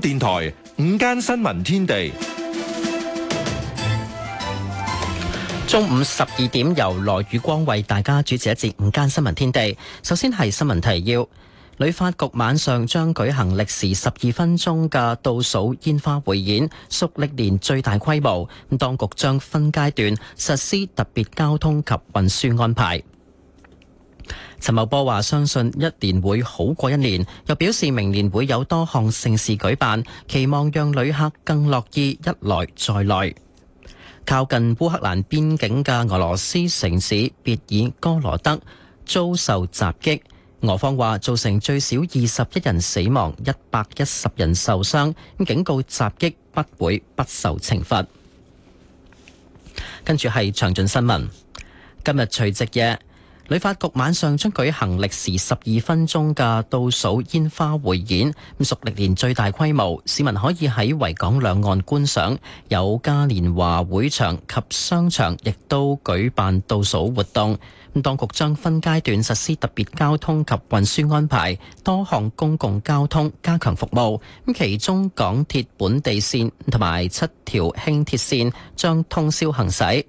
電台午間新聞天地，中午十二點由羅宇光為大家主持一節午間新聞天地。首先係新聞提要，旅發局晚上將舉行歷時十二分鐘嘅倒數煙花匯演，屬歷年最大規模。咁當局將分階段實施特別交通及運輸安排。陳茂波話：相信一年會好過一年，又表示明年會有多項盛事舉辦，期望讓旅客更樂意一來再來。靠近烏克蘭邊境嘅俄羅斯城市別爾哥羅德遭受襲擊，俄方話造成最少二十一人死亡、一百一十人受傷，警告襲擊不會不受懲罰。跟住係詳盡新聞，今日除夕夜。旅發局晚上將舉行歷時十二分鐘嘅倒數煙花匯演，咁屬歷年最大規模，市民可以喺維港兩岸觀賞。有嘉年華會場及商場亦都舉辦倒數活動。咁當局將分階段實施特別交通及運輸安排，多項公共交通加強服務。咁其中港鐵本地線同埋七條輕鐵線將通宵行駛。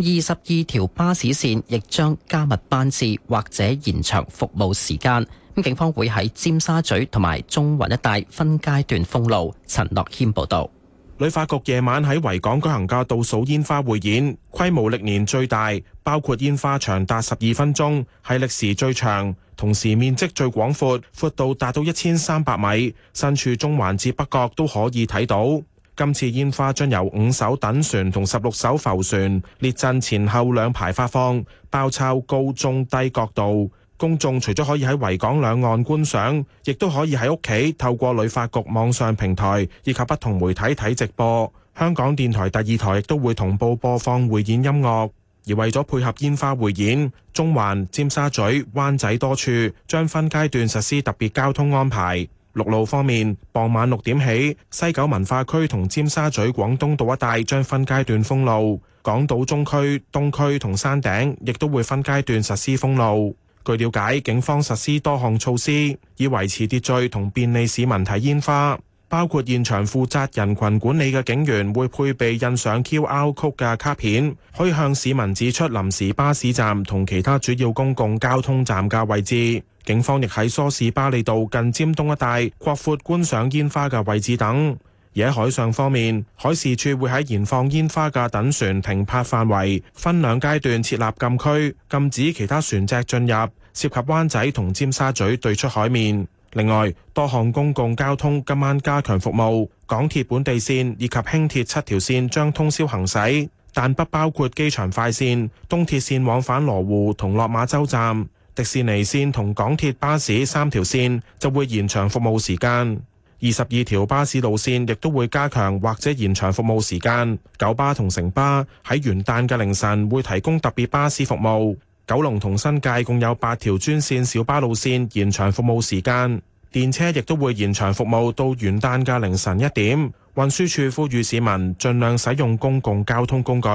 二十二條巴士線亦將加密班次或者延長服務時間。咁警方會喺尖沙咀同埋中環一帶分階段封路。陳樂謙報道。旅發局夜晚喺維港舉行嘅倒數煙花匯演，規模歷年最大，包括煙花長達十二分鐘，係歷時最長，同時面積最廣闊，闊度達到一千三百米，身處中環至北角都可以睇到。今次煙花將由五艘躉船同十六艘浮船列陣前後兩排發放，包抄高、中、低角度。公眾除咗可以喺維港兩岸觀賞，亦都可以喺屋企透過旅發局網上平台以及不同媒體睇直播。香港電台第二台亦都會同步播放匯演音樂。而為咗配合煙花匯演，中環、尖沙咀、灣仔多處將分階段實施特別交通安排。陸路方面，傍晚六點起，西九文化區同尖沙咀廣東道一帶將分階段封路；港島中區、東區同山頂亦都會分階段實施封路。據了解，警方實施多項措施，以維持秩序同便利市民睇煙花。包括現場負責人群管理嘅警員會配備印上 Q R 曲嘅卡片，可以向市民指出臨時巴士站同其他主要公共交通站嘅位置。警方亦喺梳士巴利道近尖東一帶擴闊觀賞煙花嘅位置等。而喺海上方面，海事處會喺燃放煙花嘅等船停泊範，範圍分兩階段設立禁區，禁止其他船隻進入，涉及灣仔同尖沙咀對出海面。另外，多項公共交通今晚加強服務，港鐵本地線以及輕鐵七條線將通宵行駛，但不包括機場快線、東鐵線往返羅湖同落馬洲站、迪士尼線同港鐵巴士三條線就會延長服務時間。二十二條巴士路線亦都會加強或者延長服務時間。九巴同城巴喺元旦嘅凌晨會提供特別巴士服務。九龍同新界共有八條專線小巴路線延長服務時間，電車亦都會延長服務到元旦嘅凌晨一點。運輸署呼籲市民盡量使用公共交通工具。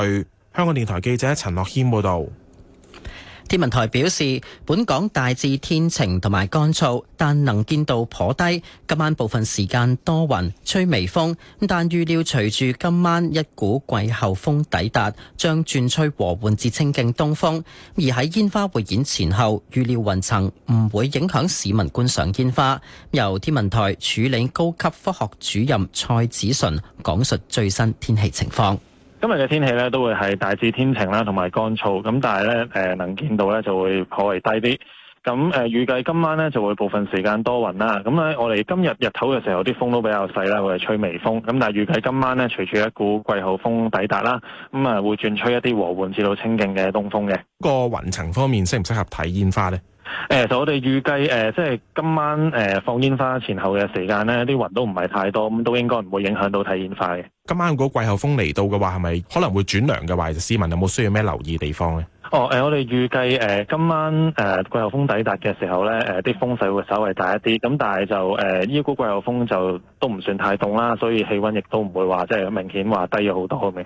香港電台記者陳樂謙報道。天文台表示，本港大致天晴同埋乾燥，但能見度頗低。今晚部分時間多雲吹微風，但預料隨住今晚一股季候風抵達將轉吹和緩至清勁東風，而喺煙花匯演前後預料雲層唔會影響市民觀賞煙花。由天文台處理高級科學主任蔡子純講述最新天氣情況。今日嘅天氣咧都會係大致天晴啦，同埋乾燥。咁但係咧，誒、呃、能見度咧就會頗為低啲。咁、呃、誒預計今晚咧就會部分時間多雲啦。咁咧我哋今日日頭嘅時候啲風都比較細啦，會係吹微風。咁但係預計今晚咧隨住一股季候風抵達啦，咁啊會轉吹一啲和緩至到清勁嘅東風嘅。個雲層方面適唔適合睇煙花咧？誒、呃，就我哋預計誒，即係今晚誒、呃、放煙花前後嘅時間咧，啲雲都唔係太多，咁都應該唔會影響到睇煙花嘅。今晚嗰個季候風嚟到嘅話，係咪可能會轉涼嘅話，就市民有冇需要咩留意地方咧？哦，誒、呃，我哋預計誒今晚誒、呃、季候風抵達嘅時候咧，誒、呃、啲風勢會稍微大一啲，咁但係就誒呢股季候風就都唔算太凍啦，所以氣溫亦都唔會話即係明顯話低咗好多嘅。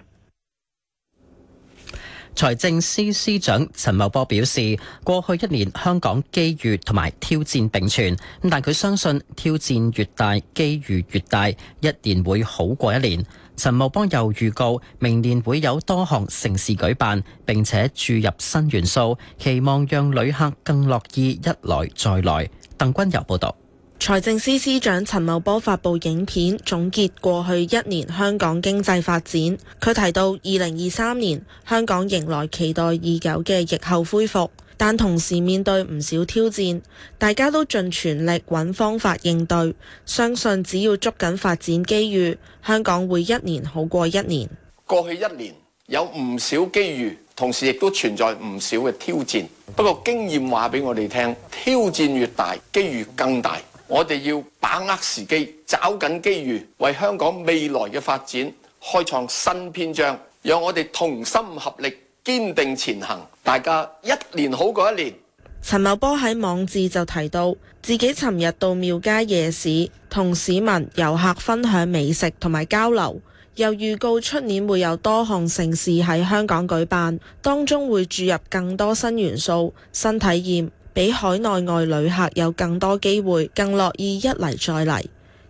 財政司司長陳茂波表示，過去一年香港機遇同埋挑戰並存，但佢相信挑戰越大，機遇越大，一年會好過一年。陳茂波又預告，明年會有多項城市舉辦，並且注入新元素，期望讓旅客更樂意一來再來。鄧君柔報導。財政司司長陳茂波發布影片總結過去一年香港經濟發展。佢提到，二零二三年香港迎來期待已久嘅疫後恢復，但同時面對唔少挑戰，大家都盡全力揾方法應對。相信只要捉緊發展機遇，香港會一年好過一年。過去一年有唔少機遇，同時亦都存在唔少嘅挑戰。不過經驗話俾我哋聽，挑戰越大，機遇更大。我哋要把握時機，抓緊機遇，為香港未來嘅發展開創新篇章，讓我哋同心合力，堅定前行。大家一年好過一年。陳茂波喺網誌就提到，自己尋日到廟街夜市同市民、遊客分享美食同埋交流，又預告出年會有多項盛事喺香港舉辦，當中會注入更多新元素、新體驗。俾海內外旅客有更多機會，更樂意一嚟再嚟。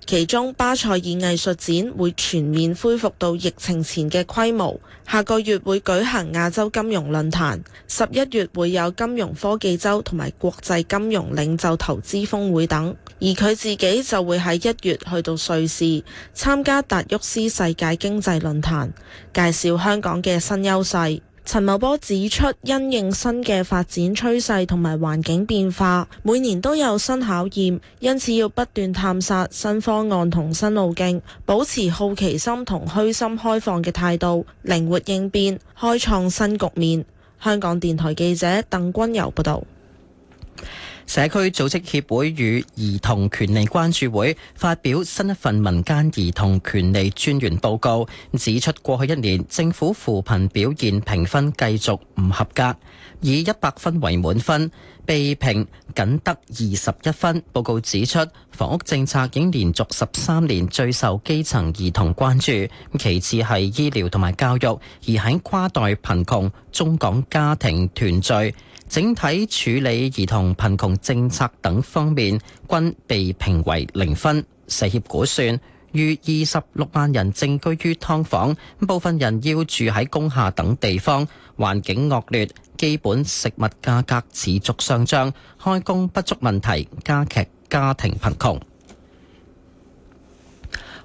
其中，巴塞爾藝術展會全面恢復到疫情前嘅規模。下個月會舉行亞洲金融論壇，十一月會有金融科技周同埋國際金融領袖投資峰會等。而佢自己就會喺一月去到瑞士參加達沃斯世界經濟論壇，介紹香港嘅新優勢。陳茂波指出，因應新嘅發展趨勢同埋環境變化，每年都有新考驗，因此要不斷探索新方案同新路徑，保持好奇心同虛心開放嘅態度，靈活應變，開創新局面。香港電台記者鄧君柔報導。社區組織協會與兒童權利關注會發表新一份民間兒童權利專員報告，指出過去一年政府扶貧表現評分繼續唔合格，以一百分為滿分，被評僅得二十一分。報告指出，房屋政策已經連續十三年最受基層兒童關注，其次係醫療同埋教育，而喺跨代貧窮、中港家庭團聚，整體處理兒童貧窮政策等方面均被評為零分。社協估算，逾二十六萬人正居於劏房，部分人要住喺工廈等地方，環境惡劣，基本食物價格持續上漲，開工不足問題加劇家庭貧窮。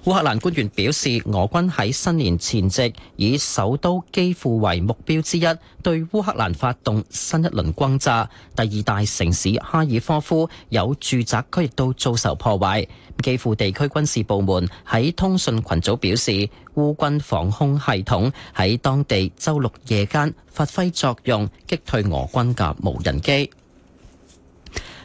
烏克蘭官員表示，俄軍喺新年前夕以首都基輔為目標之一，對烏克蘭發動新一輪轟炸。第二大城市哈爾科夫有住宅區亦都遭受破壞，基輔地區軍事部門喺通訊群組表示，烏軍防空系統喺當地周六夜間發揮作用，擊退俄軍嘅無人機。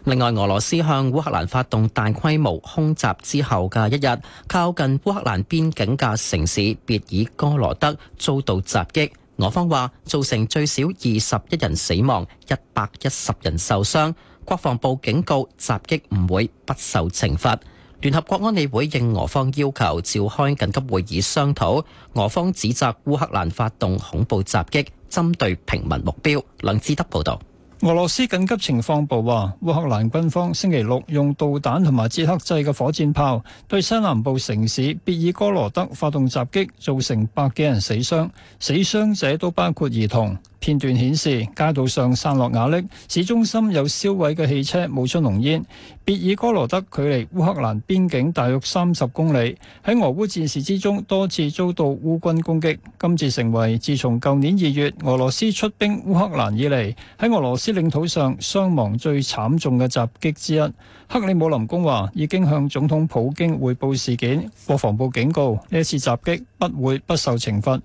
另外，俄羅斯向烏克蘭發動大規模空襲之後嘅一日，靠近烏克蘭邊境嘅城市別爾哥羅德遭到襲擊。俄方話造成最少二十一人死亡、一百一十人受傷。國防部警告襲擊唔會不受懲罰。聯合國安理會應俄方要求召開緊急會議商討。俄方指責烏克蘭發動恐怖襲擊，針對平民目標。梁志德報道。俄羅斯緊急情況部話，烏克蘭軍方星期六用導彈同埋捷克制嘅火箭炮對西南部城市別爾哥羅德發動襲擊，造成百幾人死傷，死傷者都包括兒童。片段顯示街道上散落瓦礫，市中心有燒毀嘅汽車冒出濃煙。別爾哥羅德距離烏克蘭邊境大約三十公里，喺俄烏戰事之中多次遭到烏軍攻擊，今次成為自從舊年二月俄羅斯出兵烏克蘭以嚟，喺俄羅斯領土上傷亡最慘重嘅襲擊之一。克里姆林宮話已經向總統普京匯報事件，國防部警告呢次襲擊不會不受懲罰。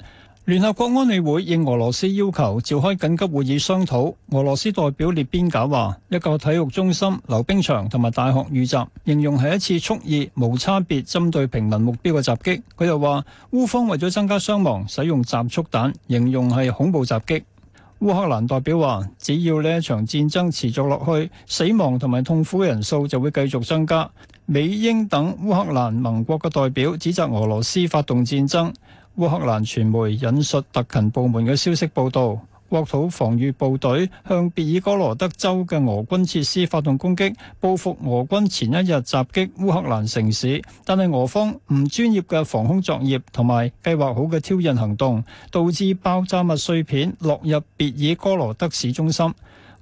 聯合國安理會應俄羅斯要求召開緊急會議商討。俄羅斯代表列邊賈話一個體育中心、溜冰場同埋大學遇襲，形容係一次蓄意無差別針對平民目標嘅襲擊，佢又話烏方為咗增加傷亡，使用集束彈，形容係恐怖襲擊。烏克蘭代表話只要呢一場戰爭持續落去，死亡同埋痛苦嘅人數就會繼續增加。美英等烏克蘭盟國嘅代表指責俄羅斯發動戰爭。烏克蘭傳媒引述特勤部門嘅消息報道，國土防御部隊向別爾哥羅德州嘅俄軍設施發動攻擊，報復俄軍前一日襲擊烏克蘭城市。但係俄方唔專業嘅防空作業同埋計劃好嘅挑釁行動，導致爆炸物碎片落入別爾哥羅德市中心。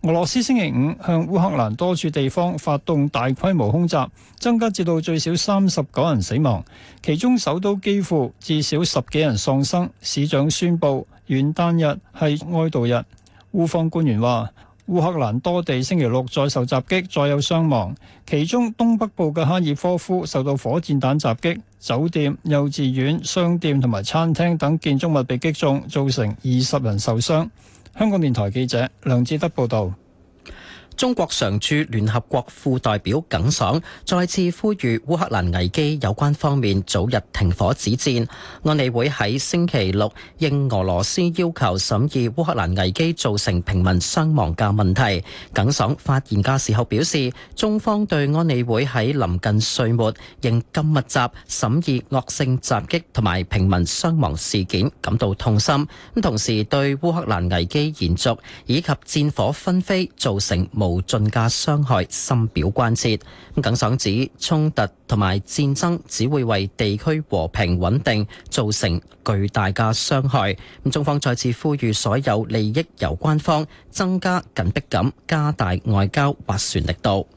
俄羅斯星期五向烏克蘭多處地方發動大規模空襲，增加至到最少三十九人死亡，其中首都基輔至少十幾人喪生。市長宣布元旦日係哀悼日。烏方官員話，烏克蘭多地星期六再受襲擊，再有傷亡，其中東北部嘅哈爾科夫受到火箭彈襲擊，酒店、幼稚園、商店同埋餐廳等建築物被擊中，造成二十人受傷。香港電台記者梁志德報道。中國常駐聯合國副代表耿爽，再次呼籲烏克蘭危機有關方面早日停火止戰。安理會喺星期六，應俄羅斯要求審議烏克蘭危機造成平民傷亡嘅問題。耿爽發言嘅時候表示，中方對安理會喺臨近歲末，仍咁密集，審議惡性襲擊同埋平民傷亡事件感到痛心。咁同時，對烏克蘭危機延續，以及戰火紛飛造成無盡嘅傷害，深表關切。咁耿爽指衝突同埋戰爭只會為地區和平穩定造成巨大嘅傷害。咁中方再次呼籲所有利益攸關方增加緊迫感，加大外交斡旋力度。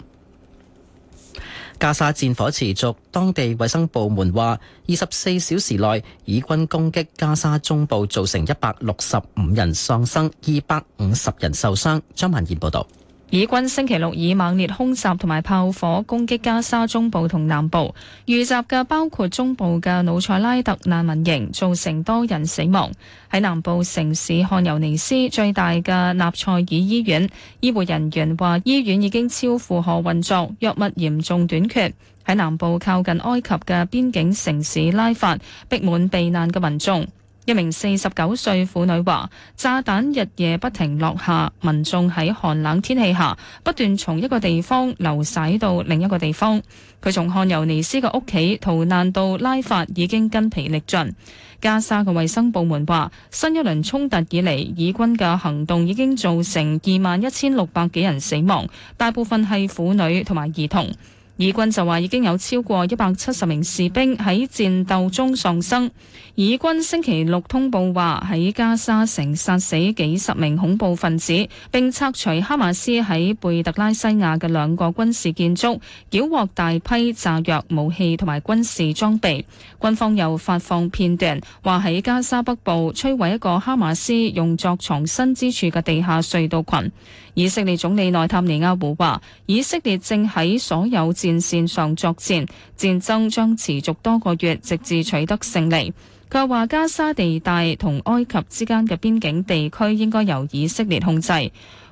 加沙戰火持續，當地衛生部門話二十四小時內以軍攻擊加沙中部，造成一百六十五人喪生，二百五十人受傷。張文賢報道。以軍星期六以猛烈空襲同埋炮火攻擊加沙中部同南部，遇襲嘅包括中部嘅努塞拉特難民營，造成多人死亡。喺南部城市漢尤尼斯最大嘅納賽爾醫院，醫護人員話醫院已經超負荷運作，藥物嚴重短缺。喺南部靠近埃及嘅邊境城市拉法，逼滿避難嘅民眾。一名四十九歲婦女話：炸彈日夜不停落下，民眾喺寒冷天氣下不斷從一個地方流徙到另一個地方。佢從漢尤尼斯嘅屋企逃難到拉法已經筋疲力盡。加沙嘅衛生部門話：新一輪衝突以嚟，以軍嘅行動已經造成二萬一千六百幾人死亡，大部分係婦女同埋兒童。以軍就話已經有超過一百七十名士兵喺戰鬥中喪生。以軍星期六通報話喺加沙城殺死幾十名恐怖分子，並拆除哈馬斯喺貝特拉西亞嘅兩個軍事建築，繳獲大批炸藥、武器同埋軍事裝備。軍方又發放片段，話喺加沙北部摧毀一個哈馬斯用作藏身之處嘅地下隧道群。以色列總理內塔尼亞胡話：以色列正喺所有戰線上作戰，戰爭將持續多個月，直至取得勝利。就話加沙地帶同埃及之間嘅邊境地區應該由以色列控制。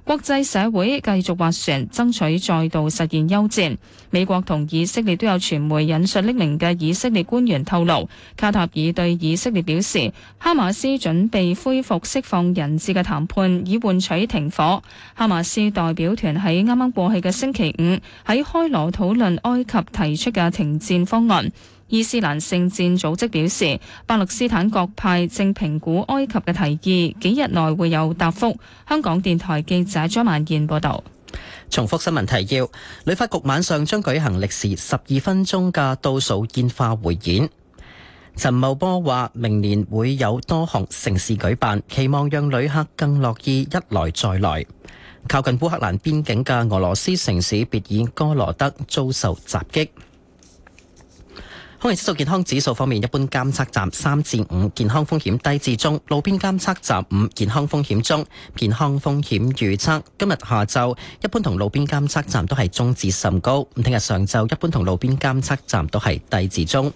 國際社會繼續斡旋爭取再度實現休戰。美國同以色列都有傳媒引述匿名嘅以色列官員透露，卡塔爾對以色列表示，哈馬斯準備恢復釋放人質嘅談判，以換取停火。哈馬斯代表團喺啱啱過去嘅星期五喺開羅討論埃及提出嘅停戰方案。伊斯蘭聖戰組織表示，巴勒斯坦各派正評估埃及嘅提議，幾日內會有答覆。香港電台記者張曼燕報道。重複新聞提要：旅發局晚上將舉行歷時十二分鐘嘅倒數煙花匯演。陳茂波話，明年會有多項城市舉辦，期望讓旅客更樂意一來再來。靠近烏克蘭邊境嘅俄羅斯城市別爾哥羅德遭受襲擊。空氣質素健康指數方面，一般監測站三至五，健康風險低至中；路邊監測站五，健康風險中。健康風險預測，今日下晝一般同路邊監測站都係中至甚高，咁聽日上晝一般同路邊監測站都係低至中。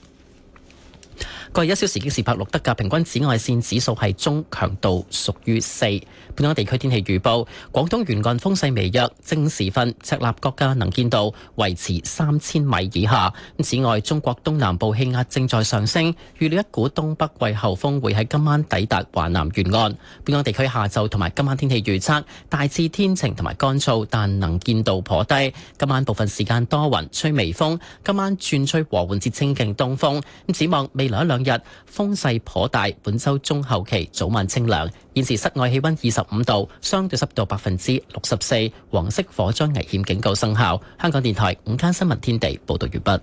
過去一小時嘅京士柏錄得嘅平均紫外線指數係中強度，屬於四。本港地區天氣預報：廣東沿岸風勢微弱，正時分赤 𫚭 角能見度維持三千米以下。此外，中國東南部氣壓正在上升，預料一股東北季候風會喺今晚抵達華南沿岸。本港地區下晝同埋今晚天氣預測大致天晴同埋乾燥，但能見度頗低。今晚部分時間多雲，吹微風。今晚轉吹和緩至清勁東風。咁展望未。未來一兩日風勢頗大，本周中後期早晚清涼。現時室外氣溫二十五度，相對濕度百分之六十四，黃色火災危險警告生效。香港電台午間新聞天地報道完畢。